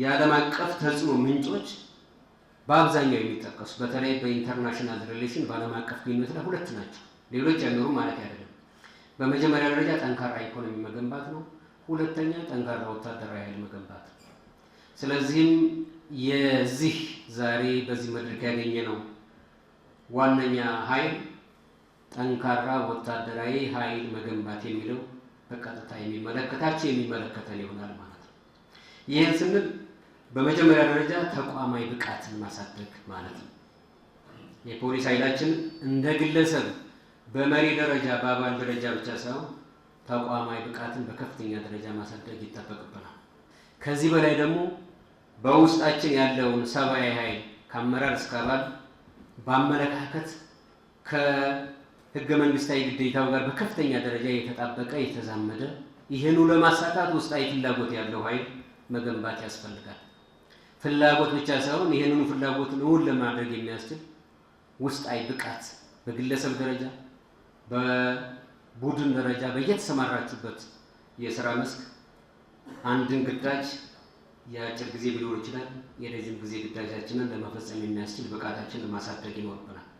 የዓለም አቀፍ ተጽዕኖ ምንጮች በአብዛኛው የሚጠቀሱ በተለይ በኢንተርናሽናል ሪሌሽን በዓለም አቀፍ ግንኙነት ላይ ሁለት ናቸው። ሌሎች አይኖሩም ማለት አይደለም። በመጀመሪያ ደረጃ ጠንካራ ኢኮኖሚ መገንባት ነው። ሁለተኛ ጠንካራ ወታደራዊ ኃይል መገንባት ነው። ስለዚህም የዚህ ዛሬ በዚህ መድረክ ያገኘ ነው ዋነኛ ኃይል ጠንካራ ወታደራዊ ኃይል መገንባት የሚለው በቀጥታ የሚመለከታቸው የሚመለከተን ይሆናል ማለት ነው። ይህን ስንል በመጀመሪያ ደረጃ ተቋማዊ ብቃትን ማሳደግ ማለት ነው። የፖሊስ ኃይላችን እንደ ግለሰብ በመሪ ደረጃ በአባል ደረጃ ብቻ ሳይሆን ተቋማዊ ብቃትን በከፍተኛ ደረጃ ማሳደግ ይጠበቅብናል። ከዚህ በላይ ደግሞ በውስጣችን ያለውን ሰብአዊ ኃይል ከአመራር እስከ አባል በአመለካከት ከህገ መንግስታዊ ግዴታው ጋር በከፍተኛ ደረጃ የተጣበቀ የተዛመደ ይህኑ ለማሳካት ውስጣዊ ፍላጎት ያለው ኃይል መገንባት ያስፈልጋል። ፍላጎት ብቻ ሳይሆን ይህንኑ ፍላጎት እውን ለማድረግ የሚያስችል ውስጣዊ ብቃት በግለሰብ ደረጃ፣ በቡድን ደረጃ፣ በየተሰማራችሁበት የስራ መስክ አንድን ግዳጅ የአጭር ጊዜ ሊሆን ይችላል፣ የረዥም ጊዜ ግዳጃችንን ለመፈጸም የሚያስችል ብቃታችን ለማሳደግ ይኖርብናል።